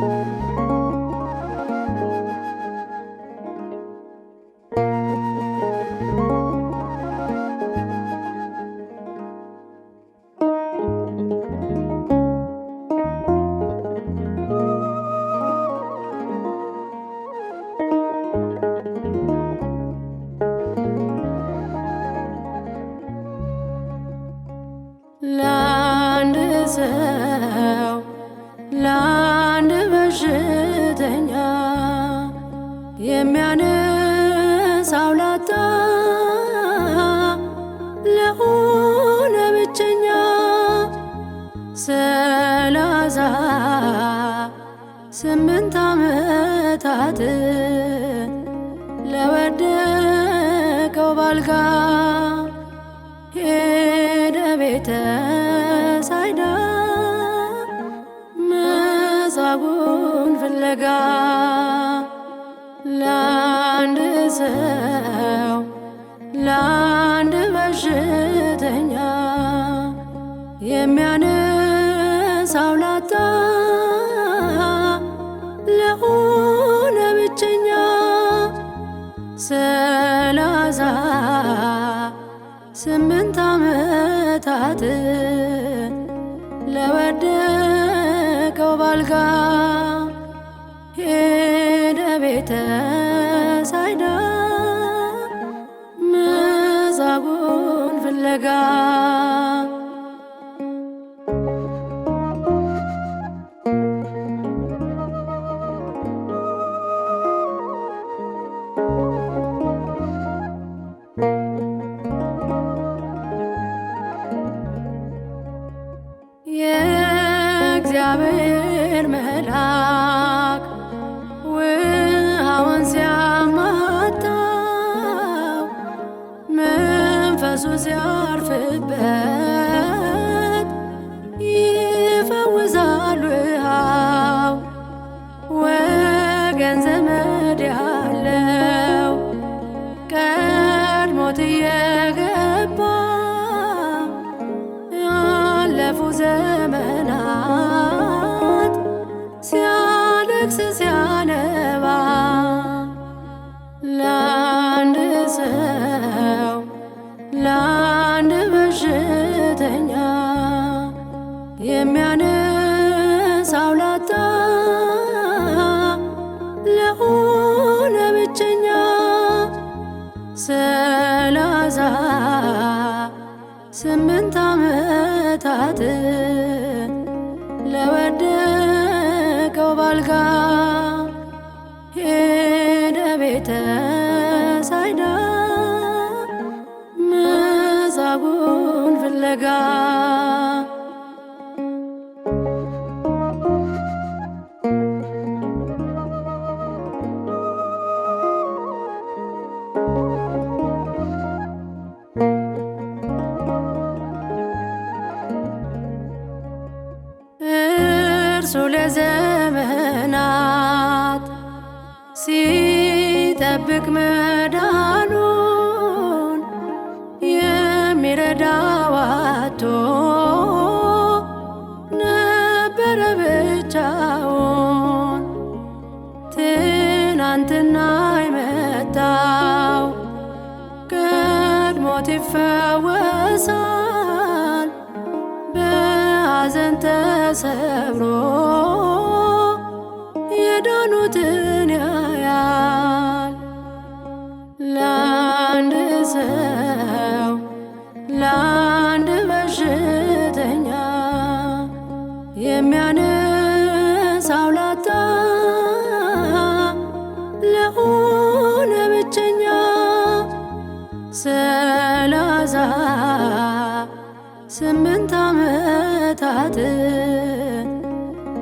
Música ስንት ዓመታት ለወደቀው ባልጋ ሄደ ቤተ ሳይዳ መጻጉዕን ፍለጋ ለአንድ ሰው ለአንድ በሽተኛ የሚያነሳው ላጣ ሰላሳ ስምንት ዓመታት ለወደቀው ባልጋ ሄደ ቤተ ሳይዳ መዛጉን ፍለጋ እግዚአብሔር መልአክ ውሃውን ሲያማታው መንፈሱ ሲያርፍበት ራስ ሲያነባ ለአንድ ሰው ለአንድ በሽተኛ የሚያነሳው ላጣ ለሆነ ብቸኛ ሰላሳ ስምንት ዓመታት ቤተ ሳይዳ መዛጉን ፍለጋ ድብቅ መዳኑን የሚረዳዋቶ ነበረ ብቻውን ትናንትና ይመጣው ቀድሞት ይፈወሳል በሐዘን ተሰብሮ የሚያነሳው ላጣ ለሆነ ብቸኛ ሰላሳ ስምንት ዓመታት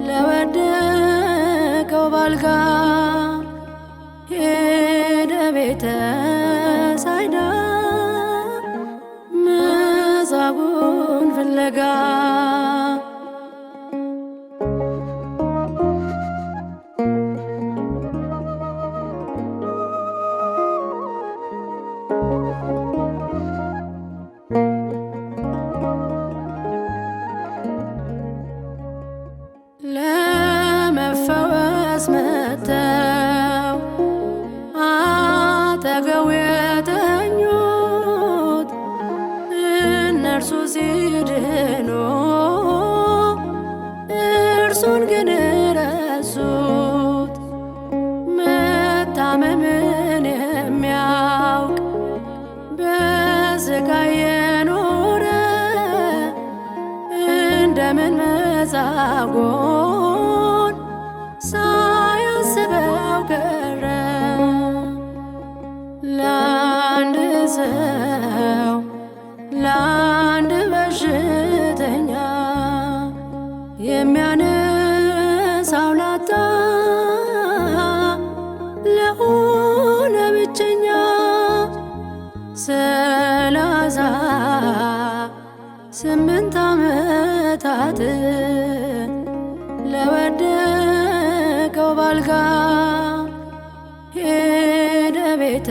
ለወደቀው ባልጋ ሄደ ቤተ እርሱን ግን ረሱት። መታመምን የሚያውቅ በስጋዬ ብርታት ለወደቀው ባልጋ ሄደ ቤተ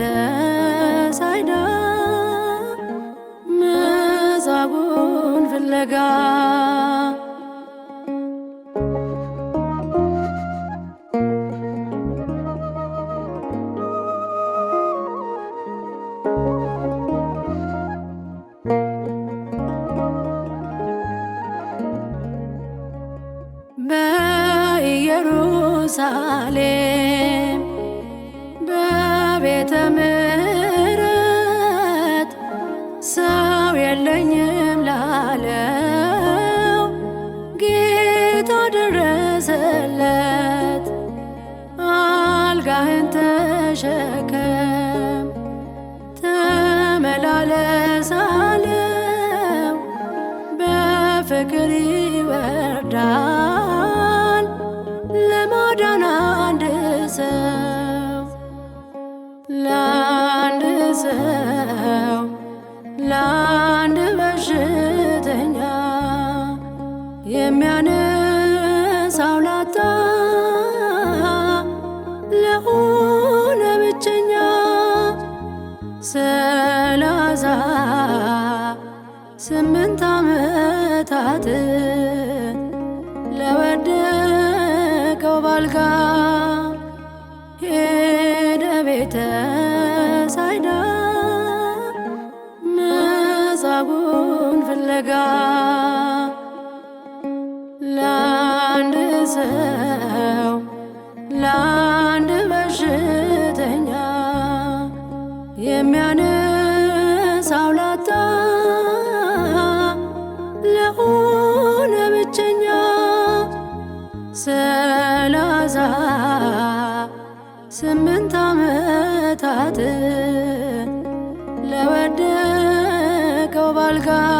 ፍቅር ይበርዳል ለማዳን አንድ ሰው ለአንድ ሰው መብራትን ለወደቀው ባልጋ ሄደ ቤተ ሳይዳ መጻጉዕን ፍለጋ ለአንድ ሰው ለአንድ በሽ ሰላሳ ስምንት ዓመታት ለወደቀው ባልጋ